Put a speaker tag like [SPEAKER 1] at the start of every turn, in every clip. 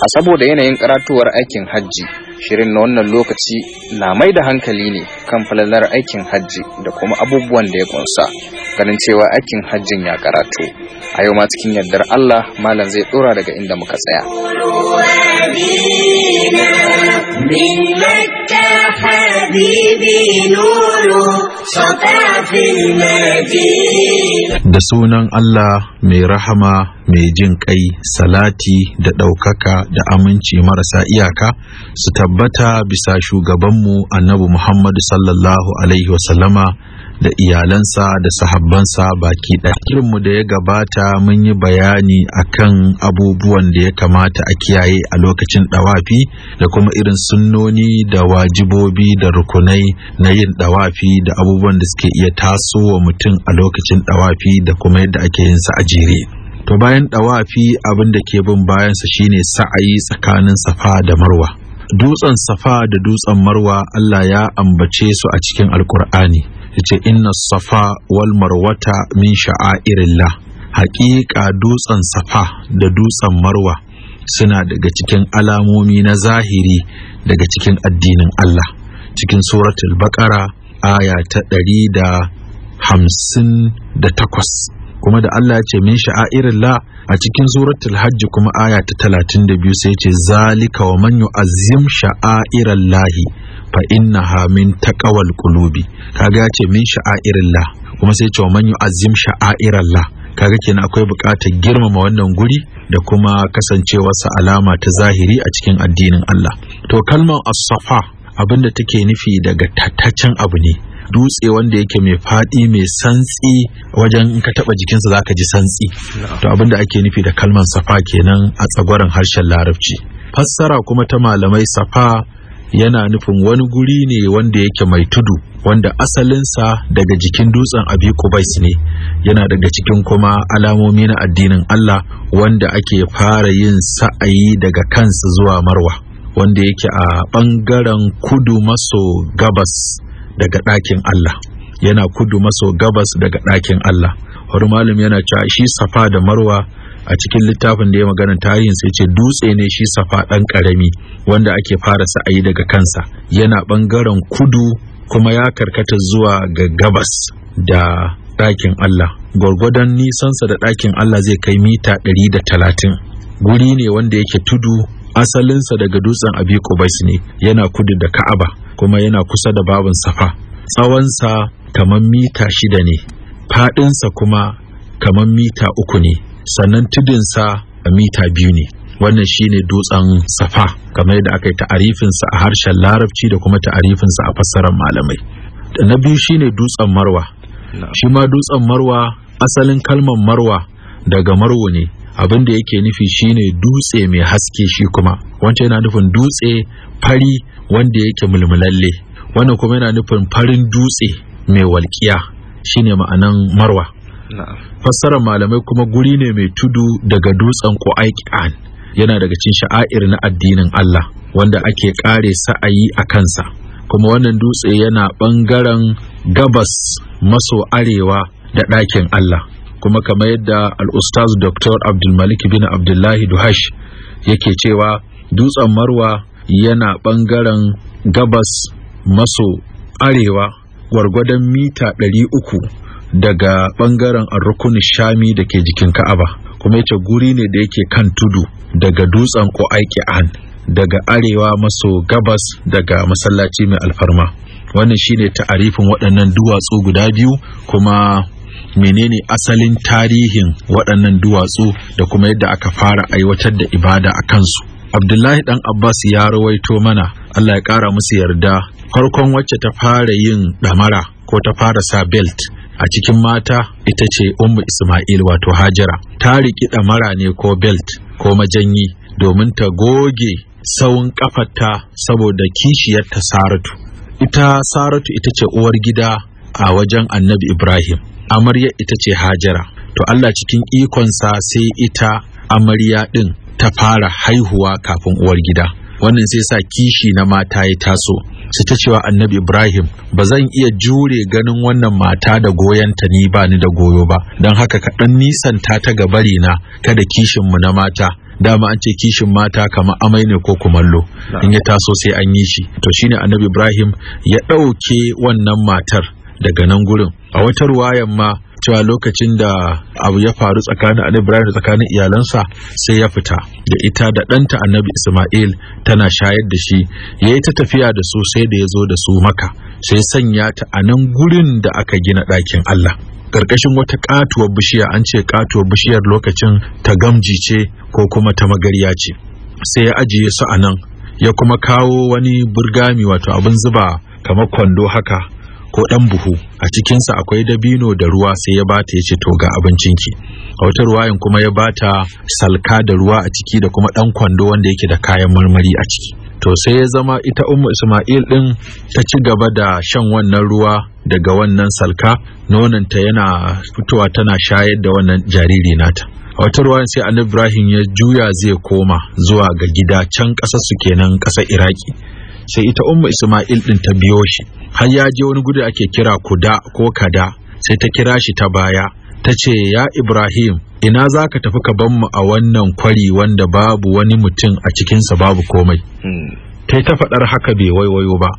[SPEAKER 1] A saboda yanayin karatuwar aikin hajji, shirin na wannan lokaci na mai da hankali ne kan falalar aikin hajji da kuma abubuwan da ya kunsa, ganin cewa aikin hajjin ya karatu. A yau ma cikin yardar Allah, Malam zai tsora daga inda muka tsaya. من مكة حبيبي نور سطع في المدينة da sunan Allah mai rahama mai jin ƙai salati da ɗaukaka da aminci marasa iyaka su tabbata bisa shugabanmu annabi Muhammadu sallallahu alaihi wasallama da iyalansa da sahabbansa baki ɗaya. mu da ya gabata mun yi bayani akan abubuwan da ya kamata a kiyaye a lokacin ɗawafi da kuma irin sunnoni da wajibobi da rukunai na yin ɗawafi da abubuwan da suke iya tasowa mutum a lokacin ɗawafi da kuma yadda ake yin sa a jere. to bayan ɗawafi abin da ke bin bayansa shine sa'ayi tsakanin safa da marwa dutsen safa da dutsen marwa Allah ya ambace su a cikin alkur'ani yace inna safa wal marwata min sha'airillah haƙiƙa dutsen safa da dutsen marwa suna daga cikin alamomi na zahiri daga cikin addinin Allah cikin suratul baqara aya ta ɗari da hamsin da takwas kuma da Allah ya ce min sha'airillah a cikin suratul hajji kuma aya ta talatin da biyu sai ce zalika wa man yu'azzim sha'airallahi fa hamin min taqawal qulubi kaga ya ce min sha'airillah kuma sai ce man yu'azzim sha'airillah kaga kenan akwai buƙatar girmama wannan guri da kuma kasancewarsa alama ta zahiri a cikin addinin Allah to kalmar as-safa abinda take nufi daga tattacen abu ne dutse wanda yake mai faɗi mai santsi wajen in ka taɓa jikinsa za ka ji santsi to abinda ake nufi da kalmar safa kenan a tsagwaron harshen larabci fassara kuma ta malamai safa yana nufin wani guri ne wanda yake mai tudu wanda asalinsa daga jikin dutsen abi ne yana daga cikin kuma alamomi na addinin Allah wanda ake fara yin sa'ayi daga kansa zuwa marwa wanda yake a ɓangaren kudu maso gabas daga ɗakin Allah yana kudu maso gabas daga ɗakin Allah wani malum yana cewa shi safa da marwa a cikin littafin da ya magana tarihin sai ce dutse ne shi safa ɗan karami wanda ake fara sa'ayi daga kansa yana bangaren kudu kuma ya karkata zuwa ga gabas da ɗakin Allah gwargwadon nisansa da ɗakin Allah zai kai mita ɗari da talatin guri ne wanda yake tudu asalinsa daga dutsen abi ne yana kudu da ka'aba kuma yana kusa da babin safa tsawonsa kamar mita shida ne faɗinsa kuma kamar mita uku ne sannan tudinsa a mita biyu ne wannan shine dutsen safa kamar yadda aka yi ta'arifinsa a harshen larabci da kuma ta'arifinsa a fassarar malamai Da na biyu shine dutsen marwa shi ma dutsen marwa asalin kalmar marwa daga marwo ne abin da yake nufi shine dutse mai haske shi kuma wancan yana nufin dutse fari wanda yake mulmulalle wannan kuma yana nufin farin dutse mai walƙiya shine ma'anan marwa fassarar malamai kuma guri ne mai tudu daga dutsen ƙo'aiƙan yana daga cin sha'air na addinin Allah wanda ake ƙare sa'ayi a kansa kuma wannan dutse yana ɓangaren gabas maso arewa da ɗakin Allah kuma kamar yadda al'ustaz dr abdulmalik bin abdullahi duhash yake cewa dutsen marwa yana ɓangaren gabas maso arewa gwargwadon mita 300 daga bangaren arrukun shami da ke jikin ka'aba kuma yace guri ne da yake kan tudu daga dutsen ko an daga arewa maso gabas daga masallaci mai alfarma wannan shine ta'arifin waɗannan duwatsu guda biyu kuma menene asalin tarihin waɗannan duwatsu da kuma yadda aka fara aiwatar da ibada a kansu abdullahi dan abbas ya rawaito mana allah ya kara musu yarda farkon wacce ta fara yin ɗamara ko ta fara sa belt a cikin mata ita ce ummu isma'il wato hajara ta riƙi mara ne ko belt ko majanyi domin ta goge tsawon ƙafarta saboda kishiyarta saratu ita saratu ita ce uwar gida a wajen annabi ibrahim amarya ita ce hajara to allah cikin ikonsa sai ita amarya ɗin ta fara haihuwa kafin uwar gida wannan sai sa kishi na mata ya taso su ta cewa annabi ibrahim ba zan iya jure ganin wannan mata da goyonta ni ba ni da goyo ba don haka ka ɗan nisanta ta gabari na kada kishin mu na mata dama an ce kishin mata kama amai ne ko kumallo in ya taso sai an yi shi to shine annabi ibrahim ya ɗauke wannan matar daga nan gurin a wata ruwayan ma cewa lokacin da abu ya faru tsakanin annabi Ibrahim da tsakanin iyalansa sai ya fita da ita da ɗanta annabi Ismail tana shayar da shi ya yi ta tafiya da su sai da ya zo da su maka sai sanya ta a nan gurin da aka gina ɗakin Allah ƙarƙashin wata ƙatuwar bishiya an ce ƙatuwar bishiyar lokacin ta gamji ce ko kuma ta magarya ce sai ya ajiye su a nan ya kuma kawo wani burgami wato abin zuba kamar kwando haka ko ɗan buhu a cikinsa akwai dabino da ruwa sai ya bata ya ce to ga abincinki a wata ruwayin kuma ya bata salka da ruwa a ciki da kuma ɗan kwando wanda yake da kayan marmari a ciki to sai ya zama ita ummu isma'il ɗin ta ci gaba da shan wannan ruwa daga wannan salka nonanta yana fitowa tana shayar da wannan jariri nata a wata ruwan sai annabi ibrahim ya juya zai koma zuwa ga gida can ƙasar su kenan ƙasar iraki sai ita ummu isma'il din ta biyo shi har ya je wani gudu ake kira kuda ko kada sai ta kira shi ta baya ta ce ya ibrahim ina za ka tafi ka ban mu a wannan kwari wanda babu wani mutum a cikinsa babu komai hmm. ta ta faɗar haka bai waiwayo ba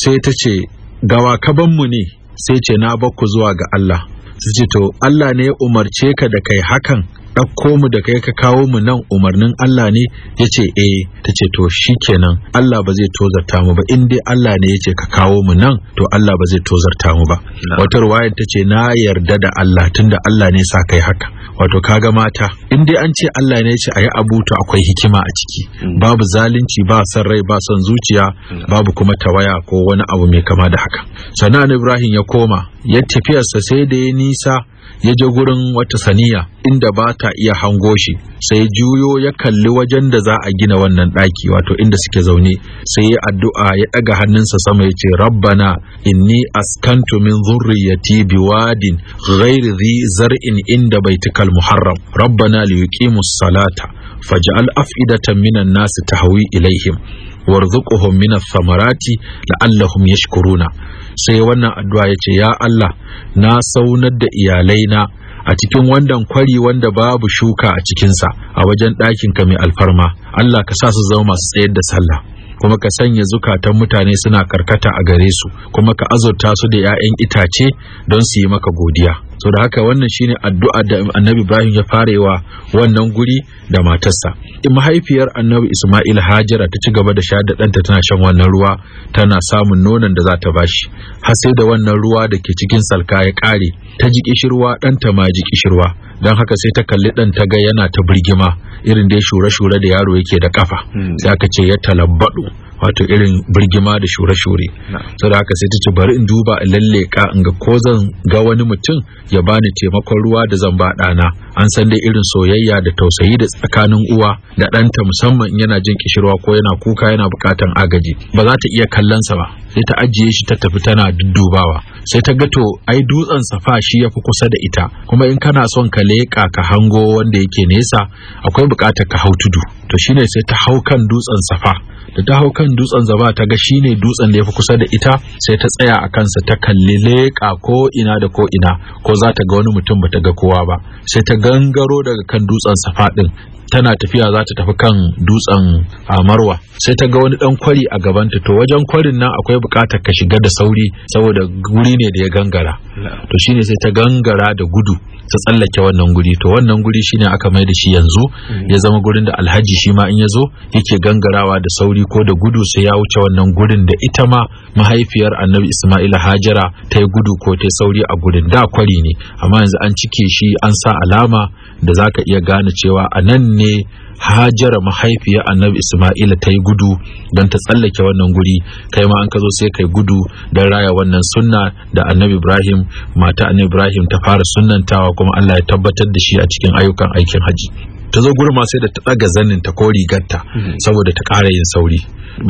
[SPEAKER 1] sai ta ce gawa ka ban mu ne sai ce na bakku zuwa ga allah su ce to allah ne ya umarce ka da kai hakan ɗauko mu da kai ka kawo mu nan umarnin Allah ne ya ce eh ta ce to shikenan Allah ba zai tozarta mu ba in dai Allah ne ya ce ka kawo mu nan to Allah ba zai tozarta mu ba wata ruwayar ta na yarda da Allah tunda Allah ne sa kai haka wato kaga mata in dai an ce Allah ne ya ce ayi abu to akwai hikima a ciki mm. babu zalunci ba son rai ba son zuciya mm. babu kuma tawaya ko wani abu mai kama da haka sanan Ibrahim ya koma ya tafiyarsa sai da ya nisa ya je gurin wata saniya inda ba ta iya hango shi sai juyo ya kalli wajen da za a gina wannan ɗaki wato inda suke zaune sai ya addu'a ya ɗaga hannunsa sama ya ce rabbana inni askantu min zurriyati biwadin ghairi dhi zar'in inda baitikal muharram rabbana liyuqimus salata faj'al af'idatan minan nasi tahwi ilaihim warzuquhum minas samarati ya la'allahum yashkuruna sai wannan addu'a yace ya Allah na saunar da iyalaina a cikin wandan kwari wanda babu shuka a cikinsa a wajen ɗakin ka mai alfarma Allah ka sa su zama masu tsayar da sallah kuma ka sanya zukatan mutane suna karkata a gare su kuma ka azurta su da 'ya'yan itace don su yi maka godiya so da haka wannan shine addu'a da annabi Ibrahim ya wa wannan guri da matarsa in mahaifiyar annabi Ismail Hajara ta ci gaba da sha da ɗanta tana shan wannan ruwa tana samun nonon da za ta bashi har sai da wannan ruwa da ke cikin salka ya kare ta ji kishirwa ɗanta ma ji kishirwa don haka sai ta kalli ɗan ta ga yana ta birgima irin da ya shure-shure da yaro yake da kafa hmm. sai aka ce ya talabbadu wato irin birgima da shure-shure sau da haka sai ta ce bari in duba in lalle ka in ga ko zan ga wani mutum ya bani taimakon ruwa da zan ba ɗana an san dai irin soyayya da tausayi da tsakanin uwa da ɗanta musamman yana jin kishirwa ko yana kuka yana buƙatan agaji ba za ta iya kallonsa ba sai ta ajiye shi ta tafi tana duddubawa sai ta ga ai dutsen safa shi yafi kusa da ita kuma in kana son ka leka ka hango wanda yake nesa akwai buƙatar ka hau tudu to shine sai ta hau kan dutsen safa da ta hau kan dutsen zaba ta ga shine dutsen da ya fi kusa da ita sai ta tsaya a kansa ta kalli leƙa ko ina da ko ina ko za ta ga wani mutum ba ta ga kowa ba sai ta gangaro daga kan dutsen safa ɗin. tana tafiya za ta tafi kan dutsen marwa sai ta ga wani dan kwari a gabanta to wajen kwarin nan akwai bukatar ka shiga da sauri saboda guri ne da ya gangara to shine sai ta gangara da gudu ta tsallake wannan guri to wannan guri shine aka mai da shi yanzu mm. ya zama gurin da alhaji shi ma in ya zo yake gangarawa da sauri ko da gudu sai ya wuce wannan gurin da ita ma mahaifiyar annabi isma'ila hajara ta yi gudu ko ta yi sauri a gurin da kwari ne amma yanzu an cike shi an sa alama da zaka iya gane cewa a nan ne hajara mahaifiyar annabi isma'ila ta yi gudu don ta tsallake wannan guri kai ma an ka zo sai kai gudu don raya wannan sunna da annabi ibrahim mata annabi ibrahim ta fara sunnantawa kuma allah ya tabbatar da shi a cikin ayyukan aikin haji ta zo gurma sai da ta ɗaga zanin ta ko rigarta mhm. saboda ta ƙara yin sauri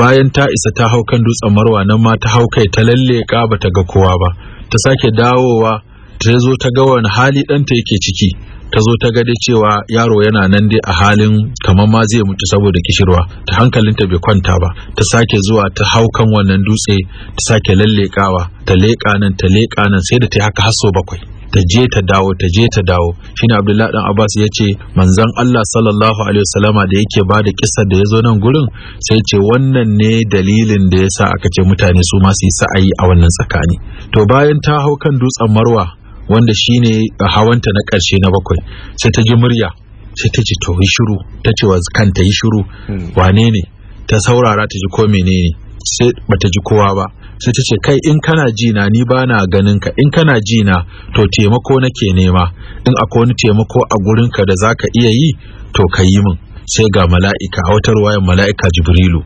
[SPEAKER 1] bayan ta isa ta hau kan dutsen marwa nan ma ta hau kai ta lalle ba bata ga kowa ba ta sake dawowa ta zo ta ga wani hali ɗanta yake ciki ta zo ta gade cewa yaro yana nan dai a halin kamar ma zai mutu saboda kishirwa ta hankalinta bai kwanta ba ta sake zuwa ta hau kan wannan dutse ta sake lallekawa ta leƙa nan ta leƙa nan sai da ta haka har bakwai ta je ta dawo ta je ta dawo shine abdullahi dan abbas ya ce manzon allah sallallahu alaihi wasallama da yake ba da kisar da ya zo nan gurin sai ce wannan ne dalilin da yasa aka ce mutane su ma su yi sa'ayi a wannan tsakani to bayan ta hau kan dutsen marwa wanda shine a hawanta na ƙarshe na bakwai sai ta ji murya sai ta ce to yi shiru ta ce wa kanta yi shiru hmm. wane ne ta saurara ta ji ko menene sai bata ji kowa ba sai ta ce kai in kana ji na ni ba na ganin ka in kana ji na to taimako nake nema in akwai wani taimako a gurin ka da zaka iya yi to ka yi min sai ga mala'ika a wata ruwayan mala'ika jibrilu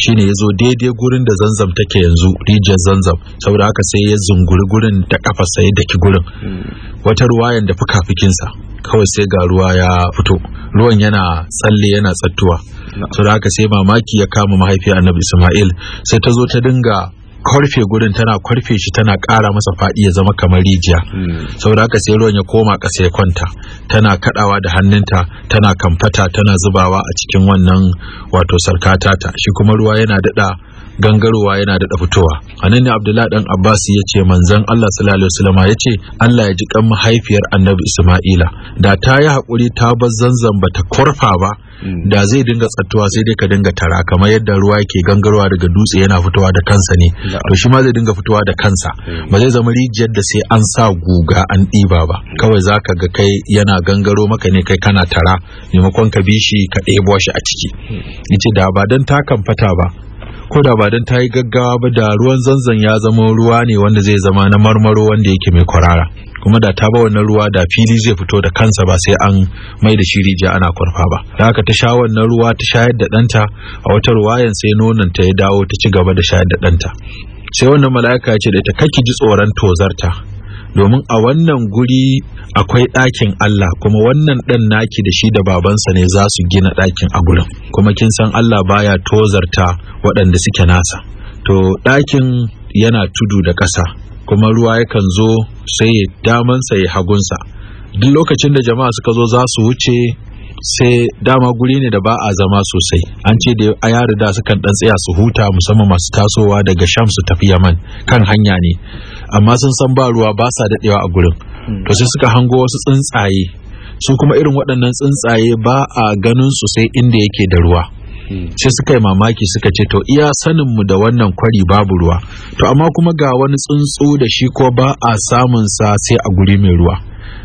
[SPEAKER 1] shine ya zo daidai gurin da zanzam take yanzu rijiyar zanzam saboda haka sai ya zunguri gurin da kafarsa ya daki gurin wata ruwayan da fuka-fukinsa kawai sai ga ruwa ya fito ruwan yana tsalle yana tsattuwa saboda haka sai mamaki ya kama mahaifiyar annabi isma'il sai ta zo ta dinga Kwarfe gurin tana kwarfe shi tana kara masa faɗi ya zama kamar rijiya hmm. saboda haka sai ruwan ya koma ƙasa ya kwanta tana kaɗawa da hannunta tana kamfata tana zubawa a cikin wannan wato sarkata ta shi kuma ruwa yana daɗa gangarowa yana da fitowa a ne abdullahi dan abbas ya ce manzon allah sallallahu alaihi wasallam ya ce allah ya ji kan mahaifiyar annabi isma'ila da ta yi hakuri ta bar zanzan ba ta korfa ba hmm. da zai dinga tsattuwa sai dai ka dinga tara kamar yadda ruwa yake gangarowa daga dutse yana fitowa da kansa ne to shi ma zai dinga fitowa da kansa hmm. ba zai zama rijiyar da sai an sa guga an ɗiba ba hmm. kawai zaka ga kai yana gangaro maka ne kai kana tara maimakon ka bi shi ka ɗebo shi a ciki yace da ba dan kan fata ba ko da ba don ta yi gaggawa ba da ruwan zanzan ya zama ruwa ne wanda zai zama na marmaro wanda yake mai kwarara kuma da ta ba wannan ruwa da fili zai fito da kansa ba sai an mai da shiri rijiya ana kwarfa ba da haka ta sha wannan ruwa ta shayar da ɗanta a wata ruwayan sai nonon ta ya dawo ta ci gaba da shayar da ɗanta sai wannan mala'ika ya ce da ita kake ji tsoron tozarta domin a wannan guri akwai ɗakin Allah kuma wannan ɗan naki da shi da babansa ne za su gina ɗakin a gurin kuma kin san Allah baya tozarta waɗanda suke nasa to ɗakin yana tudu da ƙasa kuma ruwa yakan zo sai ya damansa ya hagunsa duk lokacin da jama'a suka zo za su wuce sai dama guri ne da ba a zama sosai an ce da a yari da sukan dan tsaya su huta musamman masu tasowa daga sham su tafi yaman kan hanya ne amma sun san ba ruwa ba sa daɗewa a gurin hmm. to sai suka hango wasu tsuntsaye su kuma irin waɗannan tsuntsaye ba a ganin su sai inda yake da ruwa hmm. sai suka yi mamaki suka ce to iya sanin mu da wannan kwari babu ruwa to amma kuma ga wani tsuntsu da shi ko ba a samun sa sai a guri mai ruwa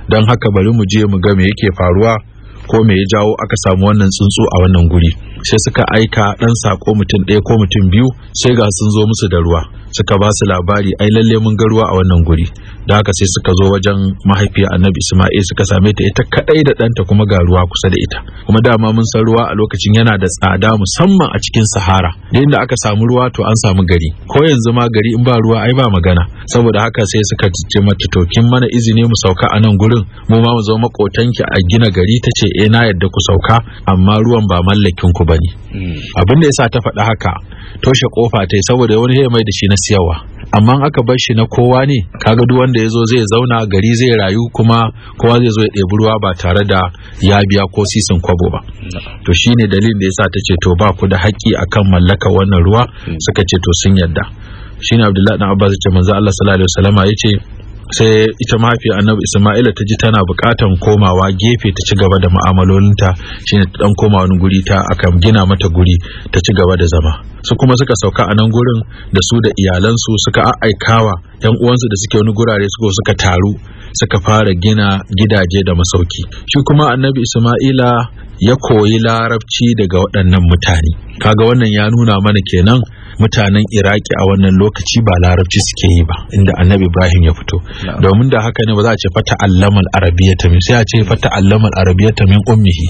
[SPEAKER 1] don haka bari mu je mu ga me yake faruwa ko me ya jawo aka samu wannan tsuntsu a wannan guri sai suka aika ɗan sako mutum ɗaya ko mutum biyu sai ga sun zo musu da ruwa suka ba su labari ai lalle mun ga ruwa a wannan guri da haka sai suka zo wajen mahaifiyar annabi isma'il suka same ta ita kadai da ɗanta kuma ga ruwa kusa da ita kuma dama mun san ruwa a lokacin yana da tsada musamman a cikin sahara inda aka samu ruwa to an samu gari ko yanzu ma gari in ba ruwa ai ba magana saboda haka sai suka ce mata to kin mana izini mu sauka a nan gurin mu ma mu zo makotanki a gina gari ta ce eh na yadda ku sauka amma ruwan ba mallakin ku ba ne hmm. abin da yasa ta faɗa haka toshe kofa ta yi saboda wani ya mai da shi na siyarwa amma aka bar shi na kowa ne kaga duk wanda ya zo zai zauna gari zai rayu kuma kowa zai zo ya ɗebi ruwa ba tare da ya biya ko sisin kwabo ba to shine dalilin da yasa ta ce to ba ku da haƙƙi akan mallaka wannan ruwa hmm. suka ce to sun yadda shine abdullahi dan abbas ya ce manzo Allah sallallahu alaihi wasallama yace sai ita mahaifiyar annabi isma'ila ta ji tana bukatan komawa gefe ta ci gaba da mu'amalolinta shine ta dan koma wani guri ta aka gina mata guri ta ci gaba da zama su kuma suka sauka a nan gurin da su da iyalansu suka aikawa yan uwansu da suke wani gurare suka suka taru suka fara gina gidaje da masauki shi kuma annabi isma'ila ya koyi larabci daga waɗannan mutane kaga wannan ya nuna mana kenan mutanen iraki a wannan lokaci ba larabci suke yi ba inda annabi ibrahim ya fito domin da haka ne ba za a ce fata allamal ta min sai a ce fata allamal ta min ummihi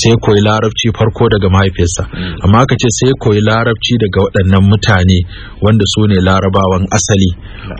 [SPEAKER 1] sai koyi larabci farko daga mahaifiyarsa mm. amma aka ce sai koyi larabci daga waɗannan mutane wanda su ne larabawan asali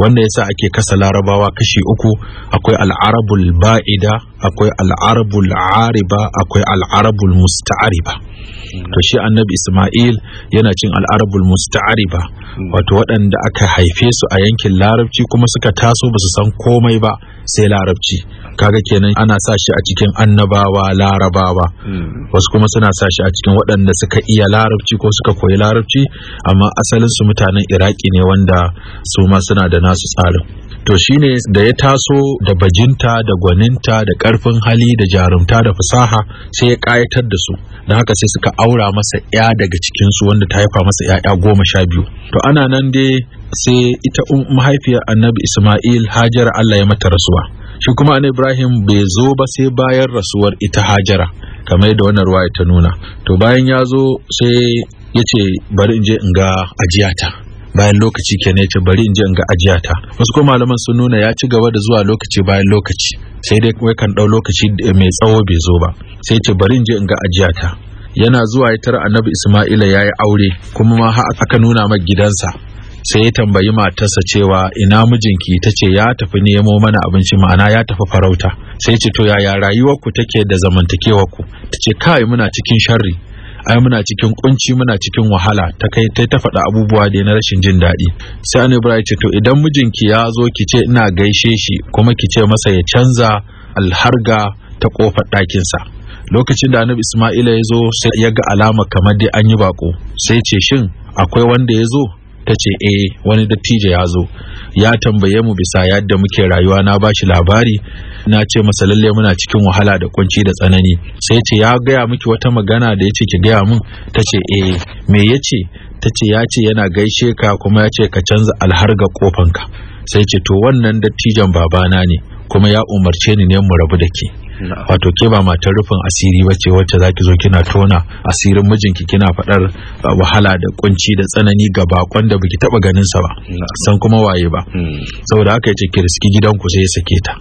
[SPEAKER 1] wanda yasa ake kasa larabawa kashi uku akwai al'arabul ba'ida akwai al'arabul ariba akwai al'arabul musta'ariba mm. to shi annabi isma'il yana cin al'arabul musta'ariba mm. wato waɗanda aka haife su a yankin larabci kuma suka taso ba su san komai ba sai larabci kaga kenan ana sa shi a cikin annabawa larabawa mm. wasu kuma suna sa shi a cikin waɗanda suka iya larabci ko suka koyi larabci amma asalin su mutanen iraki ne wanda su ma suna da nasu tsarin to shine da ya taso da bajinta da gwaninta da karfin hali da jarumta da fasaha sai ya kayatar da su da haka sai suka aura masa ya daga cikin su wanda ta haifa masa ya'ya goma sha biyu to ana nan dai sai ita um, mahaifiyar annabi isma'il hajara allah ya mata rasuwa shi kuma annabi ibrahim bai zo ba sai bayan rasuwar ita hajara kamar da wannan ruwa ta nuna to bayan ya zo sai ya ce bari in je in ga ajiyata bayan lokaci ke ne, ce bari in je in ga ajiyata. wasu ko malaman sun nuna ya ci gaba da zuwa lokaci bayan lokaci sai dai wai kan dau lokaci mai tsawo bai zo ba sai ce bari in je in ga ajiyata. yana zuwa ya tara annabi Isma'ila ya yi aure kuma ma aka nuna mai gidansa sai ya tambayi matarsa cewa ina mijinki ta ce ya tafi nemo mana abinci ma'ana ya tafi farauta sai ce to yaya rayuwarku take da zamantakewarku ta ce kai muna cikin sharri ai muna cikin kunci muna cikin wahala ta kai ta ta faɗa abubuwa da na rashin jin daɗi sai an ibrahim ce to idan mijinki ya zo ki ce ina gaishe shi kuma ki ce masa ya canza alharga ta kofar ɗakinsa lokacin da annabi isma'ila ya zo sai ya ga alama kamar dai an yi bako sai ce shin akwai wanda ya zo ta ce eh wani dattijo ya zo ya tambaye mu bisa yadda muke rayuwa na bashi labari na ce masa lalle muna cikin wahala da kunci da tsanani sai ce ya gaya miki wata magana da ya ce ki gaya mun? ta ce eh me ya ce ta ce ya ce yana gaishe ka kuma ya ce ka canza alharga kofanka sai ce to wannan dattijan babana ne kuma ya umarce ni ne mu rabu da ke wato ke ba matar rufin asiri ba ce wacce zaki zo kina tona asirin mijinki kina faɗar ah, wahala da kunci da tsanani ga bakon da baki taba ganin sa ba san kuma waye ba hmm. saboda haka yace ki riski gidanku sai ya sake ta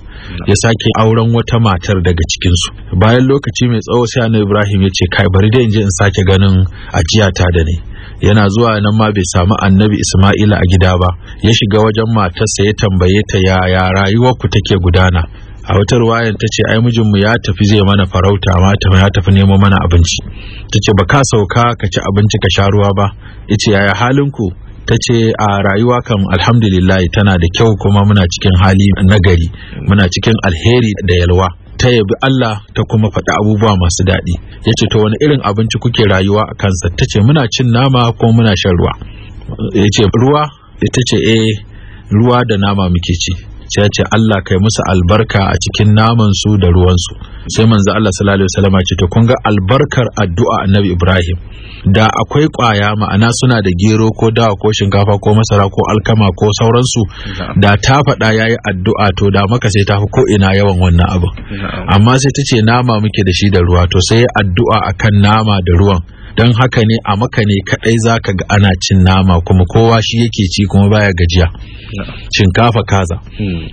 [SPEAKER 1] ya sake auren wata matar daga cikin su bayan lokaci mai tsawo sai Annabi Ibrahim yace kai bari dai in je in sake ganin ajiyata da ni yana zuwa nan ma bai samu annabi Ismaila a gida ba ya shiga wajen matarsa ya tambaye ta yaya rayuwarku take gudana a wata ruwayar ta ce ai mijinmu ya tafi zai mana farauta mata ya tafi nemo mana abinci ta ce ba ka sauka ka ci abinci ka sha ruwa ba yace yaya halinku ta ce a rayuwa kam alhamdulillah tana da kyau kuma muna cikin hali nagari muna cikin alheri da yalwa ta yabi Allah ta kuma faɗi abubuwa masu daɗi ya ce to wani irin abinci kuke rayuwa a kansa ta ce muna cin nama ko muna shan ruwa ya ce ruwa ita ce eh ruwa da nama muke ci sai ce Allah kai musu albarka a cikin naman su da ruwan su sai manzo Allah sallallahu alaihi wasallam ce to kun ga albarkar addu'a annabi Ibrahim da akwai kwaya ma'ana suna da gero ko dawa ko shinkafa ko masara ko alkama ko sauransu da ta faɗa yayi addu'a to da maka sai ta fi ko ina yawan wannan abu amma sai ta ce nama muke da shi da ruwa to sai addu'a akan nama da ruwan don haka ne a maka ne kadai zaka ga ana cin nama kuma kowa shi yake ci kuma baya gajiya shinkafa kaza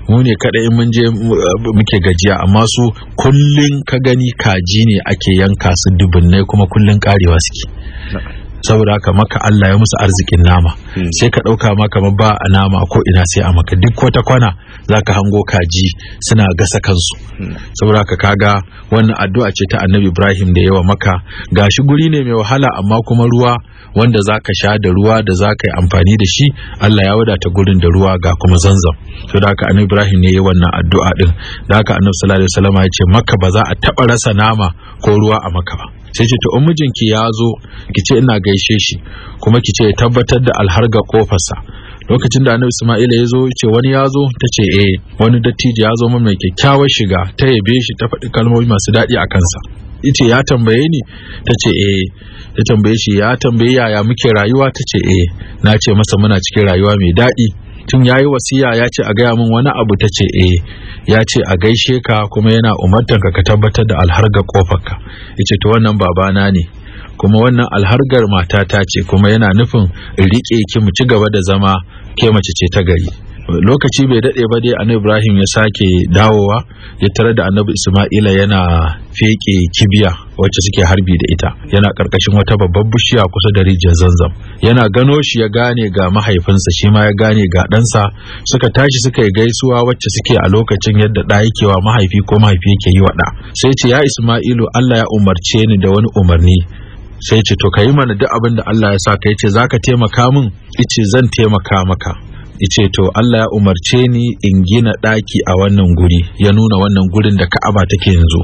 [SPEAKER 1] mu ne kadai mun je uh, muke gajiya amma su kullun ka gani kaji ne ake yanka su dubunnai kuma kullun karewa suke saboda haka maka Allah ya musu arzikin nama hmm. sai ka ɗauka ma ba a nama ko ina sai a maka duk wata kwana za ka hango kaji suna gasa kansu hmm. saboda haka kaga wannan addu'a ce ta annabi Ibrahim da yawa maka gashi guri ne mai wahala amma kuma ruwa wanda za ka sha da ruwa da za ka yi amfani da shi Allah ya wadata gurin da ruwa ga kuma zanzam to da haka annabi Ibrahim ne ya wannan addu'a din da haka annabi sallallahu alaihi wasallam ya ce maka ba za a taba rasa nama ko ruwa a maka ba sai ce to oh, in mijinki ya zo ki ce ina gaishe shi kuma ki ce tabbatar da alharga kofarsa lokacin da annabi isma'ila ya zo ce wani ya zo ta ce eh wani dattijo ya zo mai kyakkyawar shiga ta yabe shi ta faɗi kalmomi masu daɗi a kansa ce ya tambaye ni ta ce eh ta tambaye shi ya tambaye yaya muke rayuwa ta ce eh na ce masa muna cikin rayuwa mai daɗi tun ya yi wasiya ya ce a gaya min wani abu ta ce eh ya ce a gaishe ka kuma yana umartan ka ka tabbatar da alharga kofarka ya ce to wannan babana ne kuma wannan alhargar matata ce kuma yana nufin riƙe ki mu ci gaba da zama ke mace ce ta gari lokaci bai daɗe ba dai annabi ibrahim ya sake dawowa ya tare da annabi isma'ila yana feke kibiya wacce suke harbi da ita yana karkashin wata babbar bishiya kusa da rijiyar zanzam yana gano shi ya gane ga mahaifinsa shi ma ya gane ga ɗansa suka tashi suka yi gaisuwa wacce suke a lokacin yadda ɗa yake wa mahaifi ko mahaifi yake yi wa ɗa sai ce ya isma'ilu allah ya umarce ni da wani umarni sai ce to ka yi mana duk abin da allah ya sa ka ya ce za ka taimaka min ice zan taimaka maka ice to Allah ya umarce ni in gina daki a wannan guri ya nuna wannan gurin da ka'aba take yanzu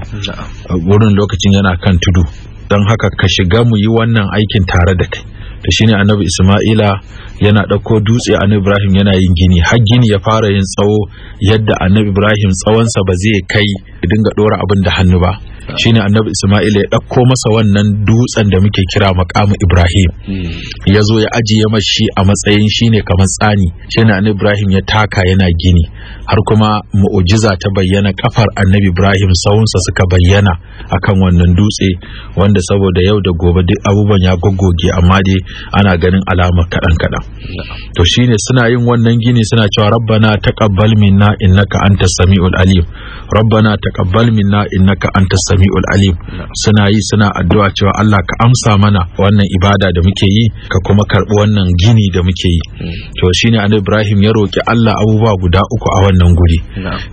[SPEAKER 1] gurin lokacin yana kan tudu don haka ka shiga mu yi wannan aikin tare da kai to shine annabi Isma'ila yana ɗauko dutse annabi Ibrahim yana yin gini har gini ya fara yin tsawo yadda annabi Ibrahim tsawonsa ba zai kai dinga ɗora abin da hannu ba shine annabi Ismail ya ɗauko masa wannan dutsen da muke kira makamu Ibrahim hmm. ya zo ya ajiye mashi a matsayin shine kamar tsani shine annabi Ibrahim ya taka yana gini har kuma mu'ujiza ta bayyana kafar annabi Ibrahim sawunsa suka bayyana akan wannan dutse wanda saboda yau da gobe duk abubuwan ya goggoge amma dai ana ganin alamar kaɗan kaɗan hmm. to shine suna yin wannan gini suna cewa rabbana taqabbal minna innaka antas samiul alim rabbana taqabbal minna innaka antas sami'ul alim suna yi suna addu'a cewa Allah ka amsa mana wannan ibada da muke yi ka kuma karbi wannan gini da muke yi hmm. to shine annabi Ibrahim ya roki Allah abubuwa guda uku a wannan guri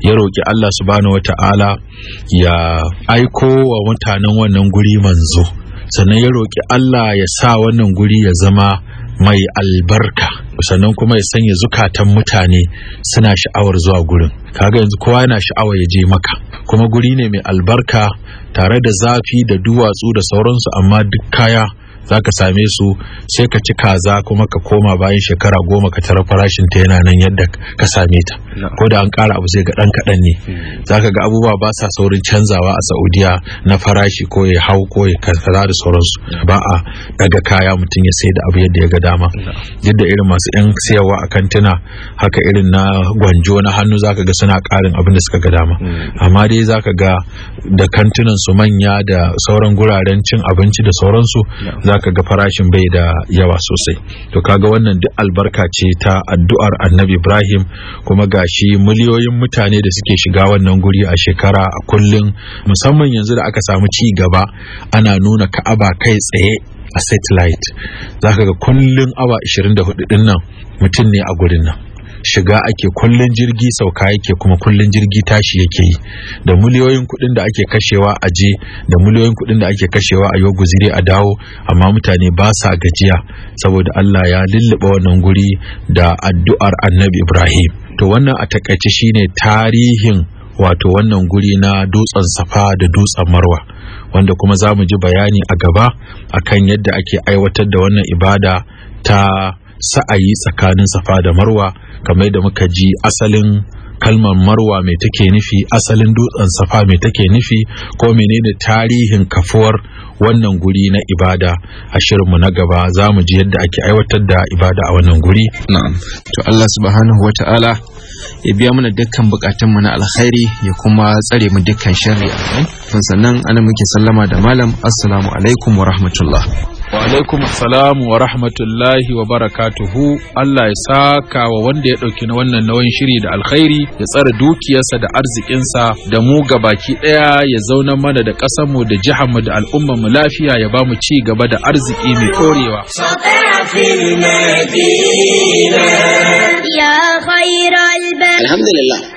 [SPEAKER 1] ya roki Allah subhanahu wata'ala ya aiko wa mutanen wannan guri manzo sannan ya roki Allah ya sa wannan guri ya zama mai albarka sannan kuma ya sanya zukatan mutane suna sha'awar zuwa gurin kaga yanzu kowa yana sha'awar ya je maka kuma guri ne mai albarka tare da zafi da duwatsu da sauransu amma duk kaya za ka same su sai ka ci kaza kuma ka koma bayan shekara goma ka tara farashin ta yana nan yadda ka same ta ko da an kara abu zai ga ɗan kaɗan ne hmm. za ka ga abubuwa ba sa saurin canzawa a saudiya na farashi ko ya hau ko ya kankara da sauransu ba a daga kaya mutum ya sai da abu yadda ya ga dama yadda irin masu yan sayarwa a kantuna haka irin na gwanjo na hannu za ka ga suna karin abin da suka ga dama hmm. amma dai za ka ga da kantunan su manya da sauran guraren cin abinci da sauransu za zaka ga farashin bai da yawa sosai to kaga wannan duk albarka ce ta addu'ar annabi ibrahim kuma gashi miliyoyin mutane da suke shiga wannan guri a shekara a kullum musamman yanzu da aka samu ci gaba ana nuna ka'aba kai tsaye a satellite zaka ga kullum awa 24 din nan mutum ne a gurin nan shiga ake kullun jirgi sauka yake kuma kullun jirgi tashi yake yi da miliyoyin kuɗin da ake kashewa a je da miliyoyin kuɗin da ake kashewa a yau a dawo amma mutane ba sa gajiya saboda Allah ya lulluba wannan guri da addu'ar annabi Ibrahim to wannan a takaice shine tarihin wato wannan guri na dutsen safa da dutsen marwa wanda kuma za mu ji bayani a gaba akan yadda ake aiwatar da wannan ibada ta sa'ayi tsakanin safa da marwa kamar da muka ji asalin kalmar marwa mai take nufi asalin dutsen safa mai take nufi ko menene tarihin kafuwar wannan guri na ibada a shirinmu na gaba za mu ji yadda ake aiwatar da ibada a wannan guri na'am to Allah subhanahu ta'ala ya biya mana dukkan bukatun mu na alkhairi ya kuma tsare mu dukkan sharri amin sannan ana muke sallama da malam assalamu alaikum wa rahmatullah wa alaikum salamu wa rahmatullahi wa barakatuhu Allah ya saka wa wanda ya ɗauki na wannan nauyin shiri da alkhairi ya tsara dukiyarsa da arzikinsa da mu gabaki ɗaya ya zauna mana da ƙasarmu da mu da al'ummarmu lafiya ya ba mu ci gaba da arziki mai korewa. Alhamdulillah